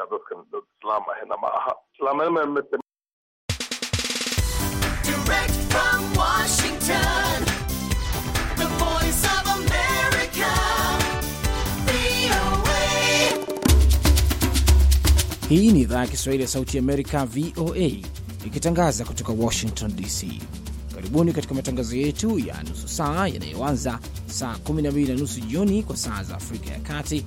markaa dadkan islaam ma aha Hii ni idhaa ya Kiswahili ya Sauti Amerika, VOA, ikitangaza kutoka Washington DC. Karibuni katika matangazo yetu ya nusu saa yanayoanza saa 12 na nusu jioni kwa saa za Afrika ya Kati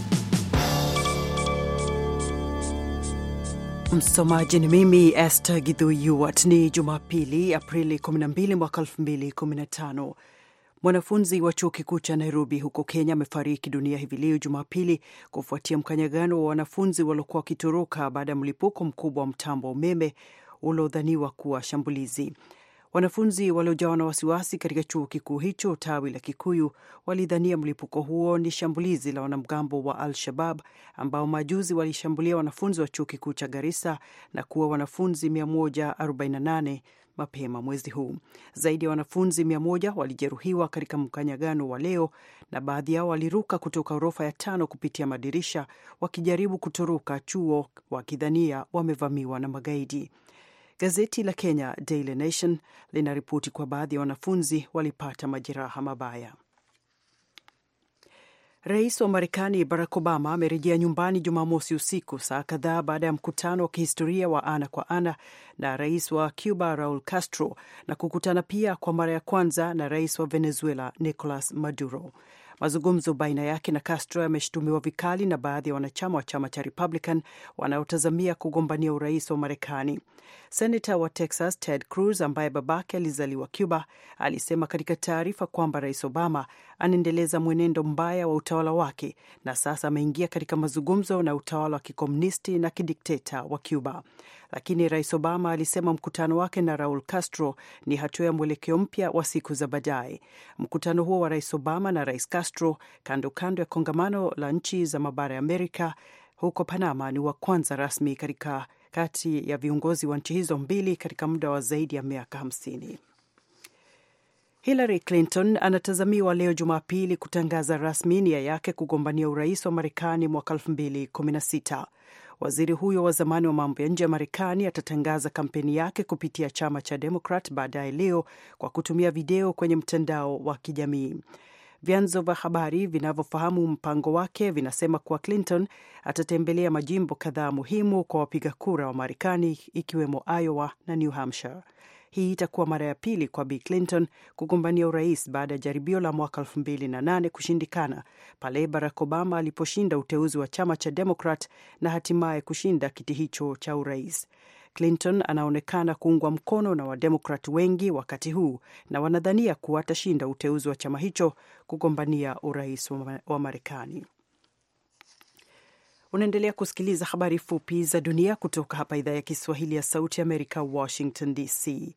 Msomaji ni mimi Esther Githuwat. Ni Jumapili, Aprili 12 mwaka 2015. Mwanafunzi wa chuo kikuu cha Nairobi huko Kenya amefariki dunia hivi leo Jumapili kufuatia mkanyagano wa wanafunzi waliokuwa wakitoroka baada ya mlipuko mkubwa wa mtambo wa umeme uliodhaniwa kuwa shambulizi. Wanafunzi waliojawa na wasiwasi katika chuo kikuu hicho tawi la Kikuyu walidhania mlipuko huo ni shambulizi la wanamgambo wa Al-Shabab ambao majuzi walishambulia wanafunzi wa chuo kikuu cha Garissa na kuwa wanafunzi 148 mapema mwezi huu. Zaidi ya wanafunzi 100 walijeruhiwa katika mkanyagano wa leo, na baadhi yao waliruka kutoka ghorofa ya tano kupitia madirisha wakijaribu kutoroka chuo, wakidhania wamevamiwa na magaidi. Gazeti la Kenya Daily Nation linaripoti kwa baadhi ya wanafunzi walipata majeraha mabaya. Rais wa Marekani Barack Obama amerejea nyumbani Jumamosi usiku saa kadhaa baada ya mkutano wa kihistoria wa ana kwa ana na rais wa Cuba Raul Castro na kukutana pia kwa mara ya kwanza na rais wa Venezuela Nicolas Maduro. Mazungumzo baina yake na Castro yameshutumiwa vikali na baadhi ya wanachama wa chama cha Republican wanaotazamia kugombania urais wa Marekani. Senata wa Texas Ted Cruz, ambaye babake alizaliwa Cuba, alisema katika taarifa kwamba Rais Obama anaendeleza mwenendo mbaya wa utawala wake na sasa ameingia katika mazungumzo na utawala wa kikomunisti na kidikteta wa Cuba. Lakini Rais Obama alisema mkutano wake na Raul Castro ni hatua ya mwelekeo mpya wa siku za baadaye. Mkutano huo wa Rais Obama na Rais Castro Castro kando kando ya kongamano la nchi za mabara ya Amerika huko Panama ni wa kwanza rasmi katika kati ya viongozi wa nchi hizo mbili katika muda wa zaidi ya miaka hamsini. Hillary Clinton anatazamiwa leo Jumapili kutangaza rasmi nia yake kugombania urais wa Marekani mwaka 2016. Waziri huyo wa zamani wa mambo ya nje ya Marekani atatangaza kampeni yake kupitia chama cha Demokrat baadaye leo kwa kutumia video kwenye mtandao wa kijamii. Vyanzo vya habari vinavyofahamu mpango wake vinasema kuwa Clinton atatembelea majimbo kadhaa muhimu kwa wapiga kura wa Marekani, ikiwemo Iowa na New Hampshire. Hii itakuwa mara ya pili kwa Bi Clinton kugombania urais baada ya jaribio la mwaka 2008 kushindikana pale Barack Obama aliposhinda uteuzi wa chama cha Demokrat na hatimaye kushinda kiti hicho cha urais. Clinton anaonekana kuungwa mkono na Wademokrat wengi wakati huu na wanadhania kuwa atashinda uteuzi wa chama hicho kugombania urais wa Marekani. Unaendelea kusikiliza habari fupi za dunia kutoka hapa idhaa ya Kiswahili ya Sauti ya Amerika, Washington DC.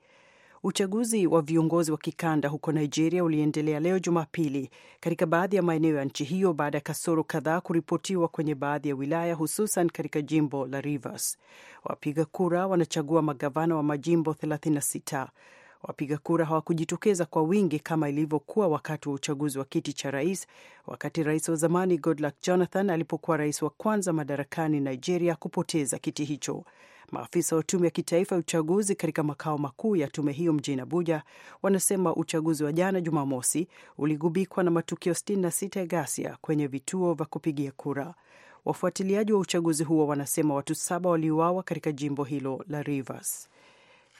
Uchaguzi wa viongozi wa kikanda huko Nigeria uliendelea leo Jumapili katika baadhi ya maeneo ya nchi hiyo baada ya kasoro kadhaa kuripotiwa kwenye baadhi ya wilaya, hususan katika jimbo la Rivers. Wapiga kura wanachagua magavana wa majimbo 36. Wapiga kura hawakujitokeza kwa wingi kama ilivyokuwa wakati wa uchaguzi wa kiti cha rais, wakati rais wa zamani Goodluck Jonathan alipokuwa rais wa kwanza madarakani Nigeria kupoteza kiti hicho. Maafisa wa tume ya kitaifa ya uchaguzi katika makao makuu ya tume hiyo mjini Abuja wanasema uchaguzi wa jana Jumamosi uligubikwa na matukio 66 ya ghasia kwenye vituo vya kupigia kura. Wafuatiliaji wa uchaguzi huo wanasema watu saba waliuawa katika jimbo hilo la Rivers.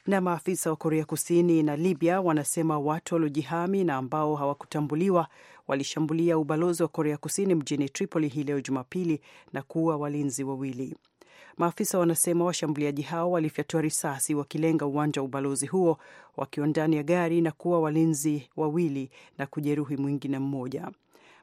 Na maafisa wa Korea Kusini na Libya wanasema watu waliojihami na ambao hawakutambuliwa walishambulia ubalozi wa Korea Kusini mjini Tripoli hii leo Jumapili na kuua walinzi wawili. Maafisa wanasema washambuliaji hao walifyatua risasi wakilenga uwanja wa ubalozi huo wakiwa ndani ya gari na kuwa walinzi wawili na kujeruhi mwingine mmoja.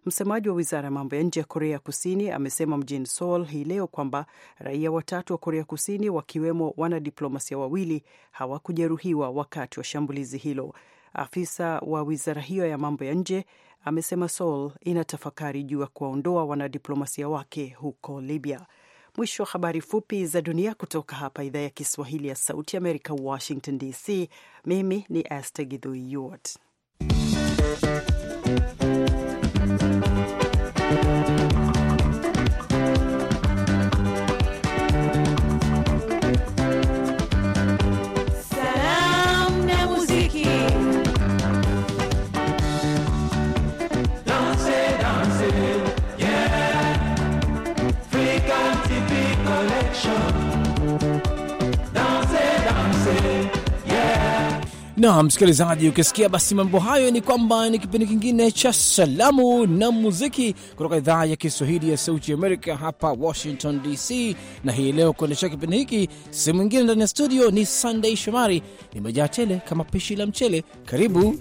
Msemaji wa wizara ya mambo ya nje ya Korea Kusini amesema mjini Seoul hii leo kwamba raia watatu wa Korea Kusini, wakiwemo wanadiplomasia wawili, hawakujeruhiwa wakati wa shambulizi hilo. Afisa wa wizara hiyo ya mambo ya nje amesema Seoul inatafakari juu ya kuwaondoa wanadiplomasia wake huko Libya. Mwisho wa habari fupi za dunia kutoka hapa idhaa ya Kiswahili ya Sauti Amerika, Washington DC. Mimi ni Aster Gidhui Yuot. na msikilizaji, ukisikia basi mambo hayo, ni kwamba ni kipindi kingine cha salamu na muziki kutoka idhaa ya Kiswahili ya Sauti ya Amerika hapa Washington DC. Na hii leo kuendesha kipindi hiki sehemu ingine ndani ya studio ni Sunday Shomari, nimejaa tele kama pishi la mchele. Karibu.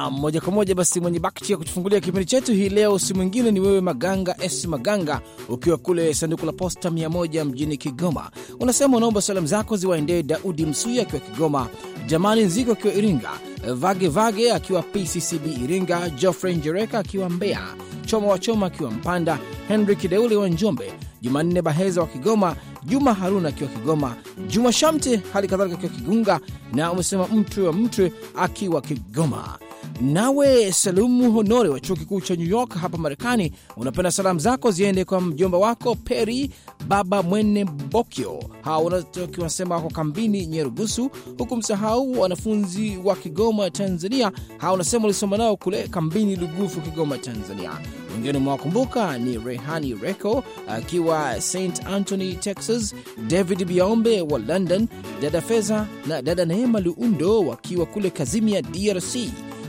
na moja kwa moja basi, mwenye bakti ya kutufungulia kipindi chetu hii leo si mwingine ni wewe Maganga S Maganga, ukiwa kule sanduku la posta 1 mjini Kigoma. Unasema unaomba salamu zako ziwaendee Daudi msui akiwa Kigoma, jamani Nziko akiwa Iringa, Vage Vage akiwa PCCB Iringa, Geoffrey Njereka akiwa Mbeya, Choma wa Choma akiwa Mpanda, Henry Kideule wa Njombe, Jumanne Baheza wa Kigoma, Juma Haruna akiwa Kigoma, Juma Shamte hali kadhalika akiwa Kigunga, na umesema Mtwe wa Mtwe akiwa Kigoma. Nawe Salumu Honore wa chuo kikuu cha New York hapa Marekani, unapenda salamu zako ziende kwa mjomba wako Peri Baba Mwene Bokyo, hawa unatokiwasema wako kambini Nyerugusu, huku msahau wanafunzi wa Kigoma Tanzania, hawa unasema ulisoma nao kule kambini Lugufu, Kigoma Tanzania. Wengine umewakumbuka ni Rehani Reko akiwa St antony Texas, David Biaombe wa London, dada Feza na dada Neema Luundo wakiwa kule Kazimia DRC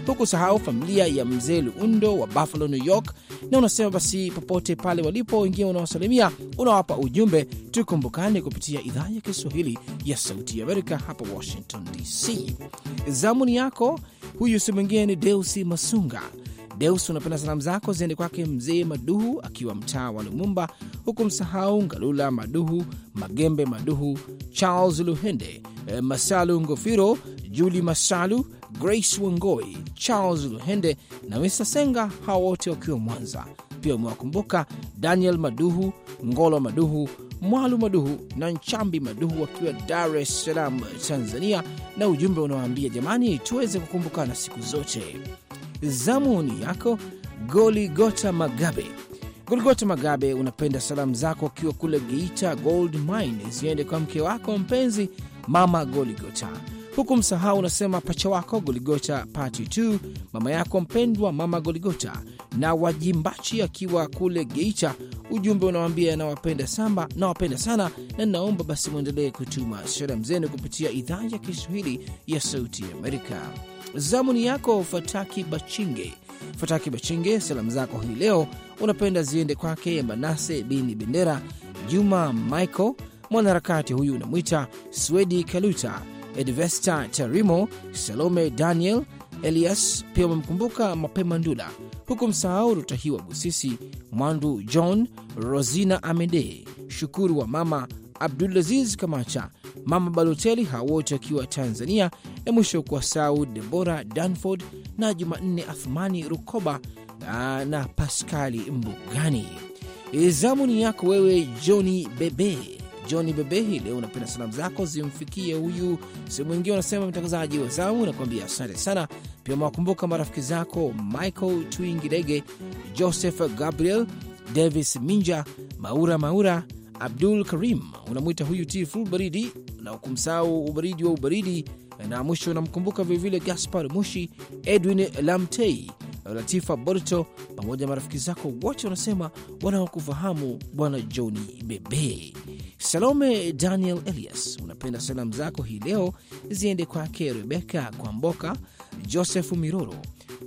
huku sahau familia ya mzee Luundo wa Buffalo, New York. Na unasema basi, popote pale walipo, wengine unawasalimia, unawapa ujumbe, tukumbukane kupitia idhaa ya Kiswahili ya Sauti ya Amerika hapa Washington DC. Zamuni yako huyu si mwingine ni Deusi Masunga. Deus, unapenda salamu zako ziende kwake mzee Maduhu akiwa mtaa wa Lumumba, huku msahau Ngalula Maduhu, Magembe Maduhu, Charles Luhende, eh, Masalu Ngofiro, Juli Masalu Grace Wangoi, Charles Luhende na Mr Senga, hawa wote wakiwa Mwanza. Pia umewakumbuka Daniel Maduhu, Ngolo Maduhu, Mwalu Maduhu na Nchambi Maduhu wakiwa Dar es Salaam, Tanzania, na ujumbe unawaambia jamani, tuweze kukumbukana siku zote. Zamu ni yako Goligota Magabe. Goligota Magabe, unapenda salamu zako akiwa kule Geita Gold Mine ziende kwa mke wako mpenzi Mama Goligota huku msahau unasema pacha wako Goligota party 2 mama yako mpendwa mama Goligota na Wajimbachi akiwa kule Geita. Ujumbe unawambia nawapenda samba, nawapenda sana na naomba basi mwendelee kutuma salamu zenu kupitia idhaa ya Kiswahili ya Sauti Amerika. Zamuni yako Fataki Bachinge, Fataki Bachinge, salamu zako hii leo unapenda ziende kwake Manase Bini Bendera, Juma Michael mwanaharakati huyu unamwita Swedi Kaluta Edvesta Tarimo, Salome Daniel, Elias. Pia wamemkumbuka Mapema Ndula, huku msahau Rutahiwa Busisi, Mwandu John, Rosina Amede, Shukuru wa mama Abdulaziz Kamacha, mama Baloteli, hawa wote wakiwa Tanzania, na mwisho kwa Saud Debora Danford na Jumanne Athmani Rukoba na, na Paskali Mbugani. Zamu ni yako wewe Joni Bebe John Bebehi, leo unapenda salamu zako zimfikie huyu. Sehemu ingine unasema mtangazaji wa zamu, nakuambia asante sana. Pia umewakumbuka marafiki zako Michael twingirege Joseph Gabriel, Davis Minja, Maura Maura, Abdul Karim, unamwita huyu Tifu baridi na ukumsahau ubaridi wa ubaridi na mwisho unamkumbuka vilevile Gaspar Mushi, Edwin Lamtei Eh, Latifa Borto pamoja na marafiki zako wote wanasema wanaokufahamu Bwana Joni Bebe. Salome Daniel Elias unapenda salamu zako hii leo ziende kwake Rebeka Kwamboka, Joseph Miroro,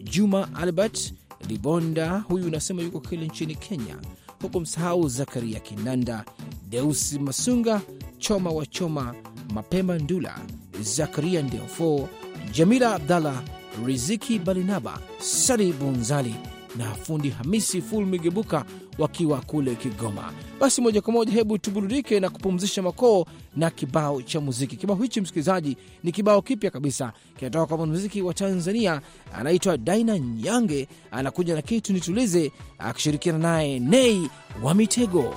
Juma Albert Libonda, huyu unasema yuko kile nchini Kenya, huku msahau Zakaria Kinanda, Deusi Masunga, Choma wa Choma, Mapema Ndula, Zakaria Ndeofo, Jamila Abdallah Riziki Balinaba, Sali Bunzali na fundi Hamisi Ful Migebuka wakiwa kule Kigoma. Basi moja kwa moja, hebu tuburudike na kupumzisha makoo na kibao cha muziki. Kibao hichi msikilizaji, ni kibao kipya kabisa, kinatoka kwa mwanamuziki wa Tanzania anaitwa Daina Nyange, anakuja na kitu nitulize, akishirikiana naye Nei wa Mitego.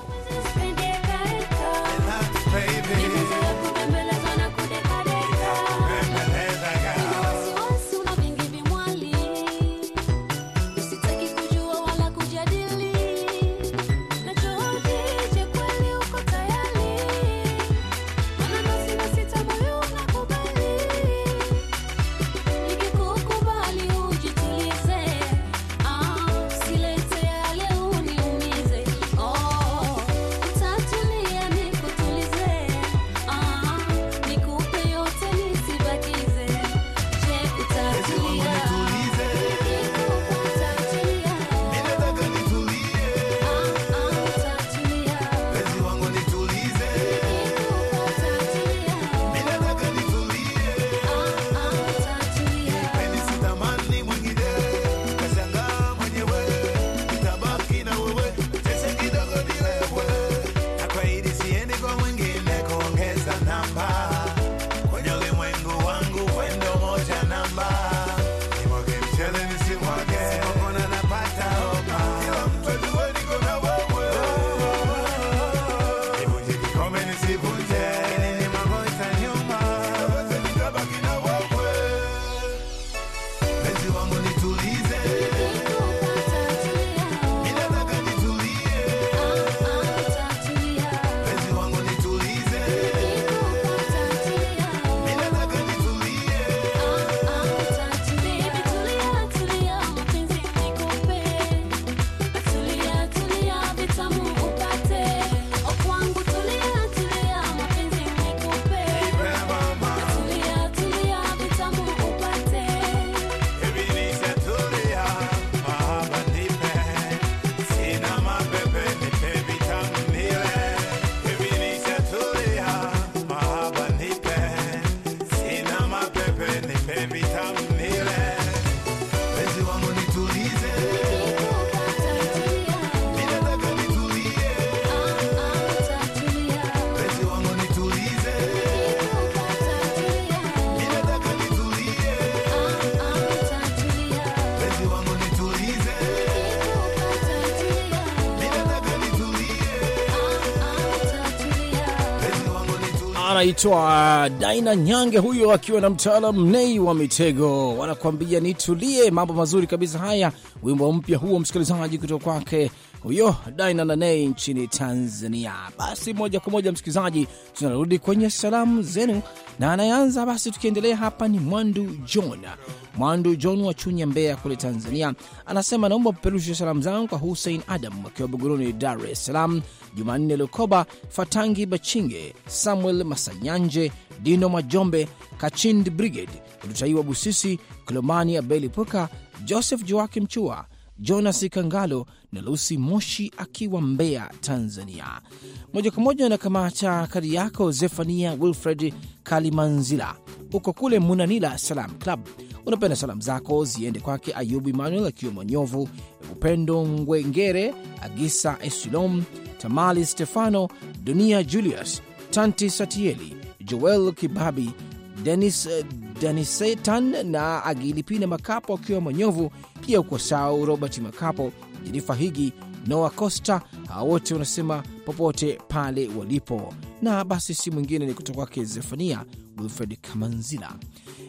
anaitwa Daina Nyange huyo akiwa na mtaalam Nei wa Mitego, wanakuambia nitulie. Mambo mazuri kabisa haya, wimbo mpya huo msikilizaji, kutoka kwake huyo Daina na Nei nchini Tanzania. Basi moja kwa moja msikilizaji, tunarudi kwenye salamu zenu na anayeanza basi, tukiendelea hapa ni Mwandu jona Mwandu John wa Chunya, Mbeya kule Tanzania, anasema naomba peperushe salamu zangu kwa Hussein Adam akiwa Buguruni, Dar es Salaam, Jumanne Lukoba, Fatangi Bachinge, Samuel Masanyanje, Dino Majombe, Kachind Brigade, Rutaiwa Busisi, Kilomani Abeli Puka, Joseph Joakim Chua Jonas Kangalo na Lusi Moshi akiwa Mbeya, Tanzania. Moja kwa moja na kamata kadi yako Zefania Wilfred Kalimanzila, huko kule Munanila Salam Club. Unapenda salamu zako ziende kwake Ayubu Emmanuel akiwa Mwanyovu, Upendo Ngwengere, Agisa Esilom, Tamali Stefano, Dunia Julius, Tanti Satieli, Joel Kibabi Denis eh, Danisetan na Agilipina Makapo akiwa Manyovu, pia sau Robert Makapo, Jenifa Higi, Noa Costa. Hawa wote wanasema popote pale walipo, na basi si mwingine ni kutoka kwake Zefania Wilfred Kamanzila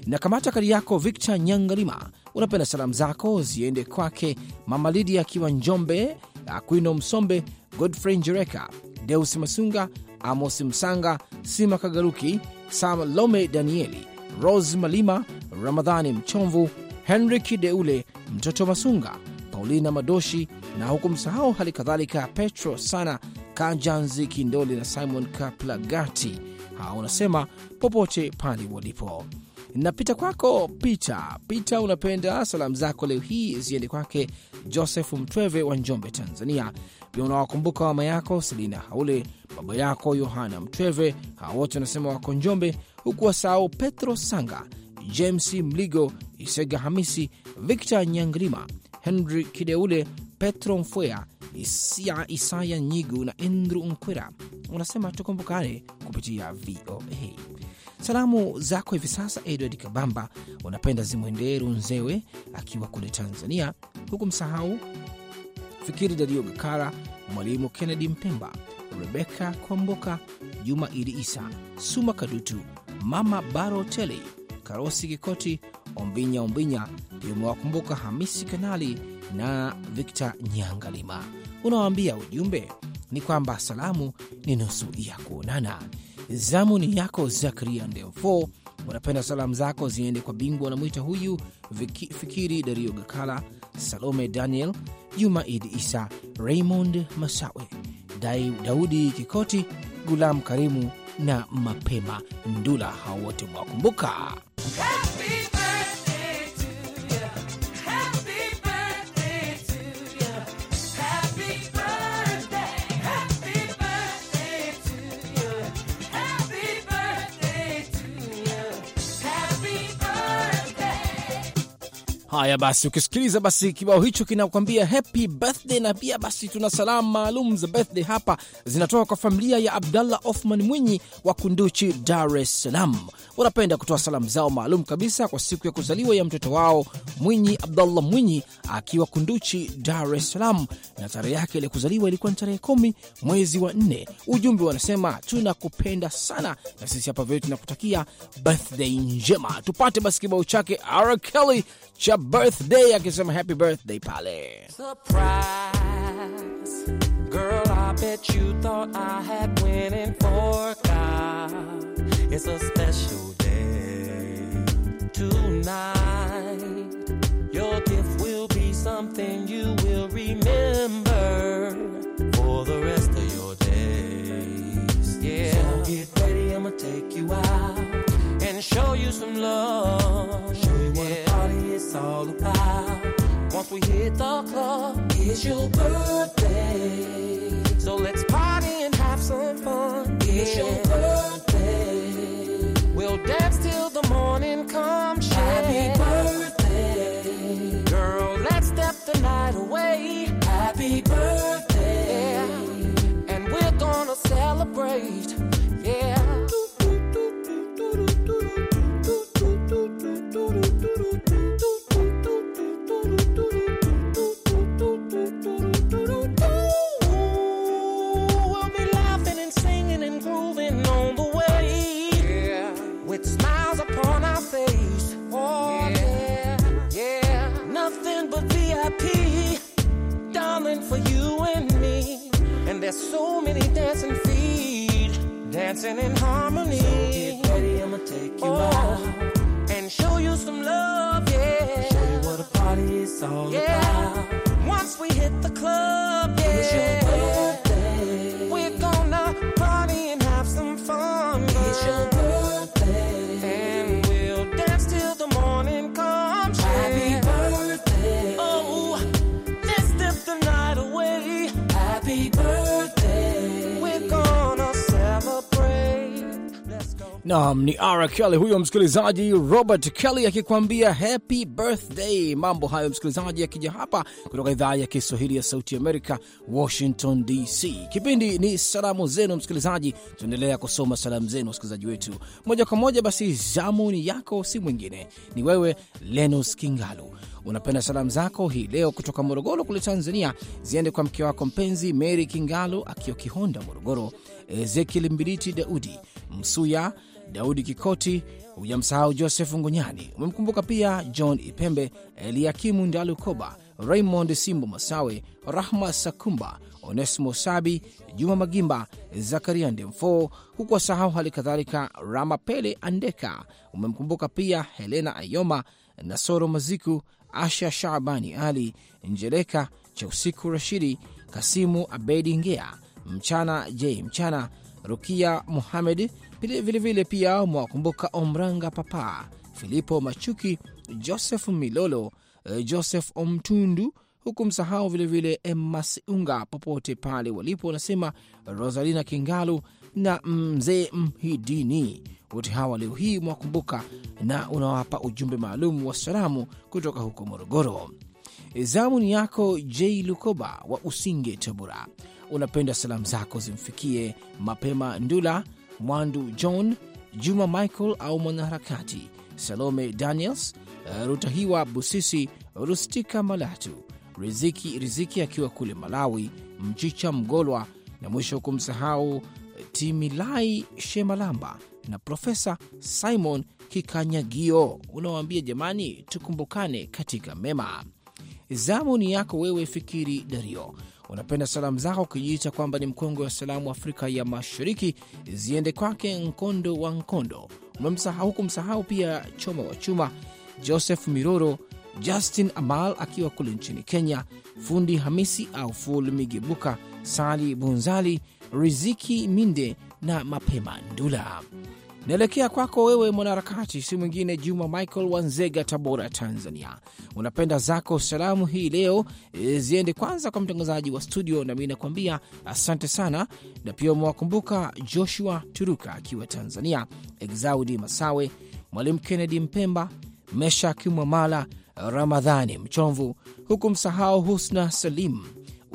na kamata kari yako Victor Nyangalima, unapenda salamu zako ziende kwake Mama Lidia akiwa Njombe, Akwino Msombe, Godfrey Njereka, Deus Masunga Amos Msanga, Sima Kagaruki, Salome Danieli, Rose Malima, Ramadhani Mchomvu, henrik deule Mtoto Masunga, Paulina Madoshi na huku msahau hali kadhalika Petro Sana Kajanzi Kindoli na Simon Kaplagati. Hawa wanasema popote pale walipo Napita kwako Pita Pita, unapenda salamu zako leo hii ziende kwake Joseph Mtweve wa Njombe, Tanzania. Pia unawakumbuka mama yako Selina Haule, baba yako Yohana Mtweve, hawa wote wanasema wako Njombe, huku wasau Petro Sanga, James Mligo, Isega Hamisi, Victor Nyangrima, Henry Kideule, Petro Mfwea, Isia Isaya Nyigu na Andrew Nkwera. Unasema tukumbukane kupitia VOA. Salamu zako hivi sasa Edward Kabamba unapenda zimwendee Runzewe akiwa kule Tanzania, huku msahau Fikiri Dario Gakara, Mwalimu kennedi Mpemba, Rebeka Kwamboka, Juma Idi Isa, Suma Kadutu, Mama Baro Karosi Kikoti, Ombinya Ombinya pia umewakumbuka Hamisi Kanali na vikta Nyangalima. Unawaambia ujumbe ni kwamba salamu ni nusu ya kuonana. Zamu ni yako Zakaria Ndeofo, unapenda salamu zako ziende kwa bingwa na mwita huyu Viki, Fikiri Dario Gakala, Salome Daniel, Juma Idi Isa, Raymond Masawe, Dai, Daudi Kikoti, Gulam Karimu na Mapema Ndula, hao wote mwakumbuka. Haya basi, ukisikiliza basi kibao hicho kinakuambia happy birthday, na pia basi tuna salamu maalum za birthday hapa zinatoka kwa familia ya Abdallah Othman Mwinyi wa Kunduchi, Dar es Salaam. Wanapenda kutoa salamu zao maalum kabisa kwa siku ya kuzaliwa ya mtoto wao Mwinyi Abdallah Mwinyi akiwa Kunduchi, Dar es Salaam, na tarehe yake ile kuzaliwa ilikuwa ni tarehe kumi mwezi wa nne. Ujumbe wanasema tunakupenda sana, na sisi hapa vyote tunakutakia birthday njema. Tupate basi kibao chake R Kelly cha birthday akisema happy birthday pale Surprise. Girl, I bet you thought I had went and forgot. It's a special day tonight. Your gift will be something you will remember for the rest of your days. Yeah. So get ready, I'ma take you out and show you some love. Show you what yeah all about. Once we hit the club, it's your birthday. So let's party and have some fun. It's your birthday. We'll dance till the morning comes. Happy birthday. Girl, let's step the night away. Happy birthday. Yeah. And we're gonna celebrate. dancing in harmony. Naam, ni Ara Kelly huyo msikilizaji, Robert Kelly akikuambia happy birthday. Mambo hayo msikilizaji, akija hapa kutoka idhaa ya Kiswahili ya Sauti Amerika, Washington DC. Kipindi ni salamu zenu msikilizaji, tunaendelea kusoma salamu zenu wasikilizaji wetu moja kwa moja. Basi zamu ni yako, si mwingine ni wewe Lenus Kingalu. Unapenda salamu zako hii leo kutoka Morogoro kule Tanzania ziende kwa mke wako mpenzi Mary Kingalu akiwa Kihonda, Morogoro, Ezekiel Mbiliti Daudi Msuya Daudi Kikoti, hujamsahau Josefu Ngonyani, umemkumbuka pia John Ipembe, Eliakimu Ndalukoba, Raymond Simbo Masawe, Rahma Sakumba, Onesimo Sabi, Juma Magimba, Zakaria Ndemfo, huku wasahau hali kadhalika Ramapele Andeka, umemkumbuka pia Helena Ayoma, Nasoro Maziku, Asha Shabani Ali, Njeleka Chausiku Rashidi, Kasimu Abedi Ngea, Mchana J Mchana, Rukia Muhamed Vilevile vile pia mwakumbuka Omranga Papa, Filipo Machuki, Joseph Milolo, eh, Joseph Omtundu, huku msahau vilevile Emmasiunga popote pale walipo, wanasema Rosalina Kingalu na mzee Mhidini. Wote hawa leo hii mwakumbuka na unawapa ujumbe maalum wa salamu kutoka huko Morogoro. Eh, Zamu ni yako J Lukoba wa Usinge, Tabora. Unapenda salamu zako zimfikie Mapema Ndula Mwandu John, Juma Michael au mwanaharakati, Salome Daniels, eh, Rutahiwa Busisi, Rustika Malatu, Riziki Riziki akiwa kule Malawi, Mchicha Mgolwa na mwisho kumsahau eh, Timilai Shemalamba na Profesa Simon Kikanyagio. Unawaambia jamani, tukumbukane katika mema. Zamu ni yako wewe, Fikiri Dario unapenda salamu zako ukijiita kwamba ni mkongwe wa salamu Afrika ya Mashariki ziende kwake Nkondo wa Nkondo, huku msahau pia Choma wa Chuma, Joseph Miroro, Justin Amal akiwa kule nchini Kenya, Fundi Hamisi au Ful Migebuka, Sali Bunzali, Riziki Minde na Mapema Ndula. Naelekea kwako wewe mwanaharakati, si mwingine Juma Michael Wanzega, Tabora, Tanzania. Unapenda zako salamu hii leo e, ziende kwanza kwa mtangazaji wa studio, nami nakuambia asante sana, na pia umewakumbuka Joshua Turuka akiwa Tanzania, Exaudi Masawe, Mwalimu Kennedy Mpemba, Mesha Kimwamala, Ramadhani Mchomvu, huku msahau Husna Salim,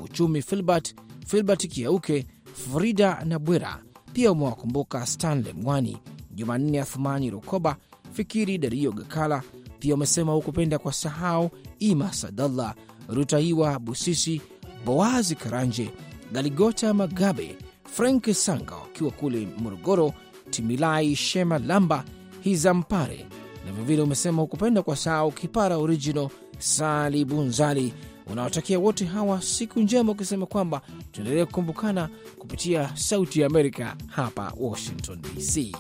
Uchumi Filbert, Filbert Kiauke, Frida na Bwera. Pia umewakumbuka Stanley Mwani Jumanne Athumani Rukoba, Fikiri Dario Gakala pia wamesema hukupenda kwa sahau Ima Sadallah, Rutaiwa Busisi, Boazi Karanje, Galigota Magabe, Frank Sanga wakiwa kule Morogoro, Timilai Shema Lamba, Hizampare na vilevile umesema hukupenda kwa sahau Kipara Original, Sali Bunzali. Unawatakia wote hawa siku njema, ukisema kwamba tuendelee kukumbukana kupitia Sauti ya Amerika hapa Washington DC.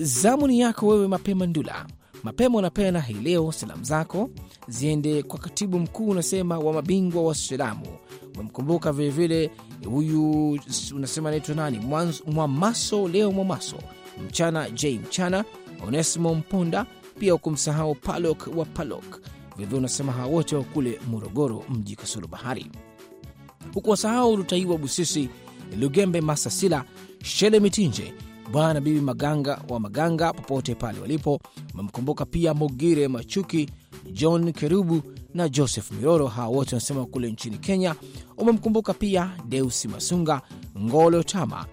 Zamuni yako wewe Mapema Ndula. Mapema unapeana hii leo, salamu zako ziende kwa katibu mkuu, unasema wa mabingwa wa salamu. Umemkumbuka vilevile huyu, unasema anaitwa nani, Mwamaso leo Mwamaso Mchana J Mchana, Onesimo Mponda, pia ukumsahau Palok wa Palok. Vilevile unasema hawa wote wa kule Morogoro mji kasoro bahari. Hukuwasahau Lutaiwa Busisi, Lugembe Masasila, Shele Mitinje Bwana Bibi Maganga wa Maganga popote pale walipo. Wamemkumbuka pia Mogire Machuki, John Kerubu na Joseph Miroro, hawa wote wanasema kule nchini Kenya. Wamemkumbuka pia Deusi Masunga, Ngolo Tama,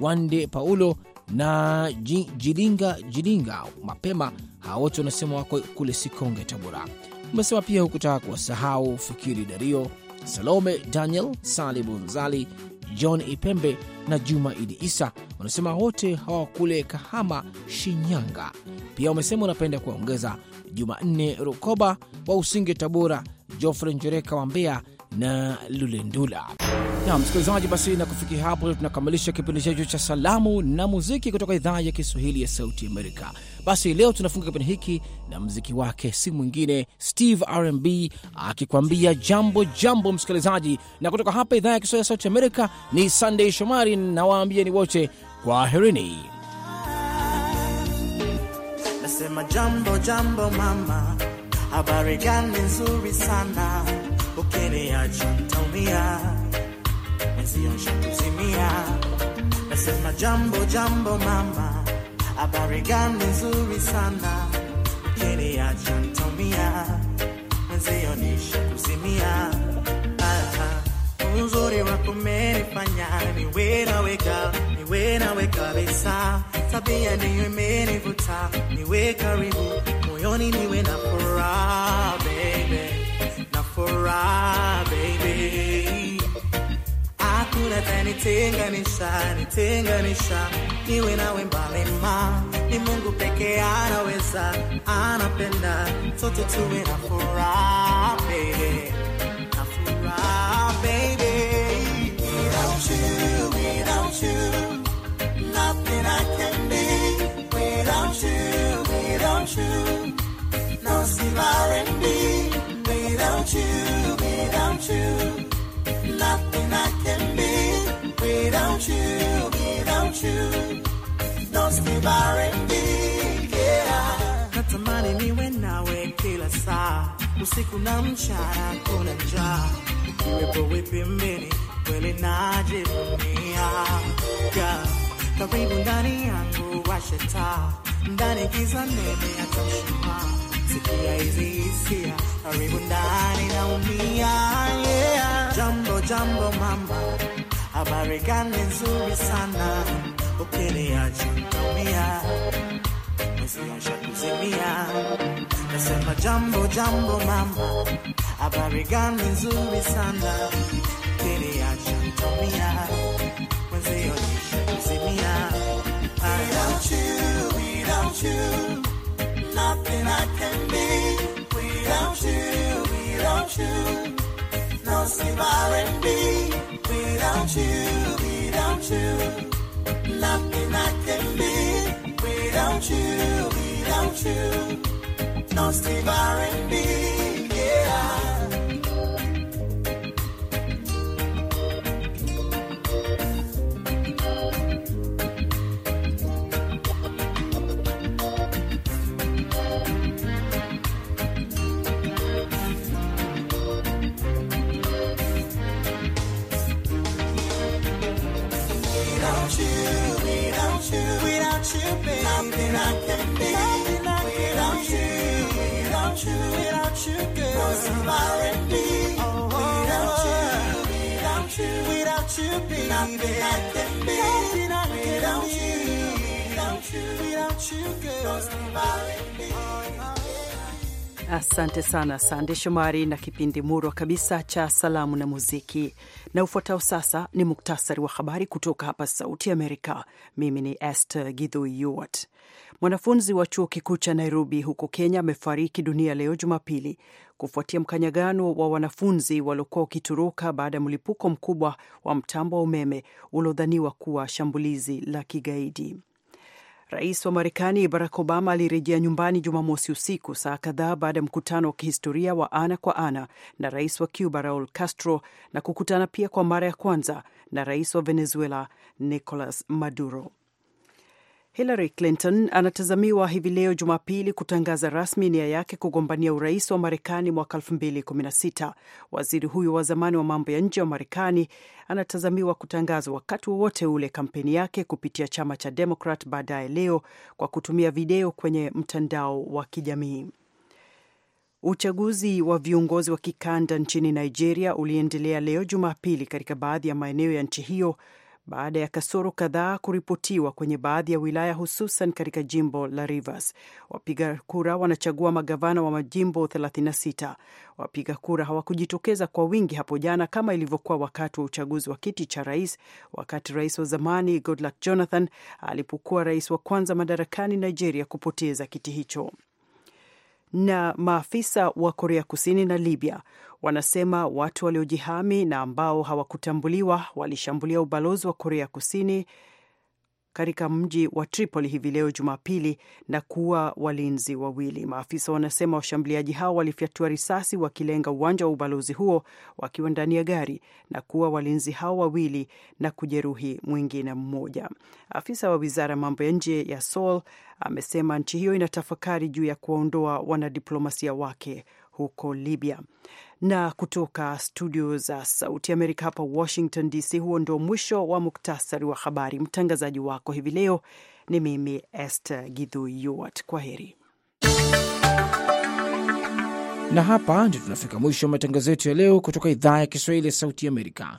Wande Paulo na Jilinga Jilinga Mapema, hawa wote wanasema wako kule Sikonge, Tabora. Umesema pia hukutaka kuwasahau Fikiri Dario, Salome Daniel, Sali Bunzali, John Ipembe na Juma Idi Isa wanasema wote hawa kule Kahama, Shinyanga. Pia wamesema wanapenda kuwaongeza Jumanne Rukoba wa Usinge, Tabora, Jofre Njereka wa Mbeya na Lulendula. Na msikilizaji, basi na kufikia hapo tunakamilisha kipindi chetu cha salamu na muziki kutoka idhaa ya Kiswahili ya Sauti Amerika. Basi leo tunafunga kipindi hiki na mziki wake, si mwingine Steve RMB akikwambia jambo jambo, msikilizaji. Na kutoka hapa idhaa ya Kiswahili ya Sauti Amerika ni Sunday Shomari nawaambia ni wote kwaherini. Nasema jambo jambo mama, habari gani nzuri sana ukiniacha ntaumia, mwenzio nshakuzimia. Nasema jambo jambo mama Abarigan nzuri sana, keniacha nitumia, mwenzio nishi kuzimia. Uzuri wako umenifanya niwe nawe niwe nawe kabisa, tabia ndiyo imenivuta niwe karibu moyoni, niwe na furaha baby, na furaha baby nitenganisha niwe nawe mbali ma ni Mungu anaweza anapenda toto tuwe na without you without you nothing I can be without you without you no without you without you nothing I you, you, Natamani niwe nawe kila saa, usiku na mchana, kuna njaa. Ukiwepo we pembeni, kweli najivunia. Karibu ndani yangu, washa ndani giza nene, hata Sikia hizi karibu ndani naumia. Yeah. Jambo, jambo mama habari gani nzuri sana ukiniacha naumia, mesiasha kuzimia, nasema jambo jambo mama, habari gani nzuri sana ukiniacha naumia, mesiasha kuzimia. Without you, without you, nothing I can be. Without you, without you. Massive R&B. Without you, without you, nothing I can be. Without you, without you, Massive R&B. I be like them without you, without you, without you, girl. Asante sana Sande Shomari na kipindi murwa kabisa cha salamu na muziki. Na ufuatao sasa ni muktasari wa habari kutoka hapa Sauti Amerika. Mimi ni Esther Githui Mwanafunzi wa chuo kikuu cha Nairobi huko Kenya amefariki dunia leo Jumapili kufuatia mkanyagano wa wanafunzi waliokuwa wakitoroka baada ya mlipuko mkubwa wa mtambo wa umeme uliodhaniwa kuwa shambulizi la kigaidi. Rais wa Marekani Barack Obama alirejea nyumbani Jumamosi usiku saa kadhaa baada ya mkutano wa kihistoria wa ana kwa ana na rais wa Cuba Raul Castro na kukutana pia kwa mara ya kwanza na rais wa Venezuela Nicolas Maduro. Hillary Clinton anatazamiwa hivi leo Jumapili kutangaza rasmi nia yake kugombania urais wa Marekani mwaka 2016. Waziri huyo wa zamani wa mambo ya nje wa Marekani anatazamiwa kutangaza wakati wowote ule kampeni yake kupitia chama cha Demokrat baadaye leo kwa kutumia video kwenye mtandao wa kijamii. Uchaguzi wa viongozi wa kikanda nchini Nigeria uliendelea leo Jumapili katika baadhi ya maeneo ya nchi hiyo baada ya kasoro kadhaa kuripotiwa kwenye baadhi ya wilaya hususan katika jimbo la Rivers. Wapiga kura wanachagua magavana wa majimbo 36. Wapiga kura hawakujitokeza kwa wingi hapo jana kama ilivyokuwa wakati wa uchaguzi wa kiti cha rais, wakati rais wa zamani Goodluck Jonathan alipokuwa rais wa kwanza madarakani Nigeria kupoteza kiti hicho na maafisa wa Korea Kusini na Libya wanasema watu waliojihami na ambao hawakutambuliwa walishambulia ubalozi wa Korea Kusini katika mji wa Tripoli hivi leo Jumapili na kuua walinzi wawili. Maafisa wanasema washambuliaji hao walifyatua risasi wakilenga uwanja wa ubalozi huo wakiwa ndani ya gari na kuua walinzi hao wawili na kujeruhi mwingine mmoja. Afisa wa wizara ya mambo ya nje ya Seoul amesema nchi hiyo inatafakari juu ya kuwaondoa wanadiplomasia wake huko Libya. Na kutoka studio za Sauti Amerika hapa Washington DC, huo ndio mwisho wa muktasari wa habari. Mtangazaji wako hivi leo ni mimi Esther Gidhu Yuwat. Kwa heri. Na hapa ndio tunafika mwisho wa matangazo yetu ya leo kutoka idhaa ya Kiswahili ya Sauti Amerika.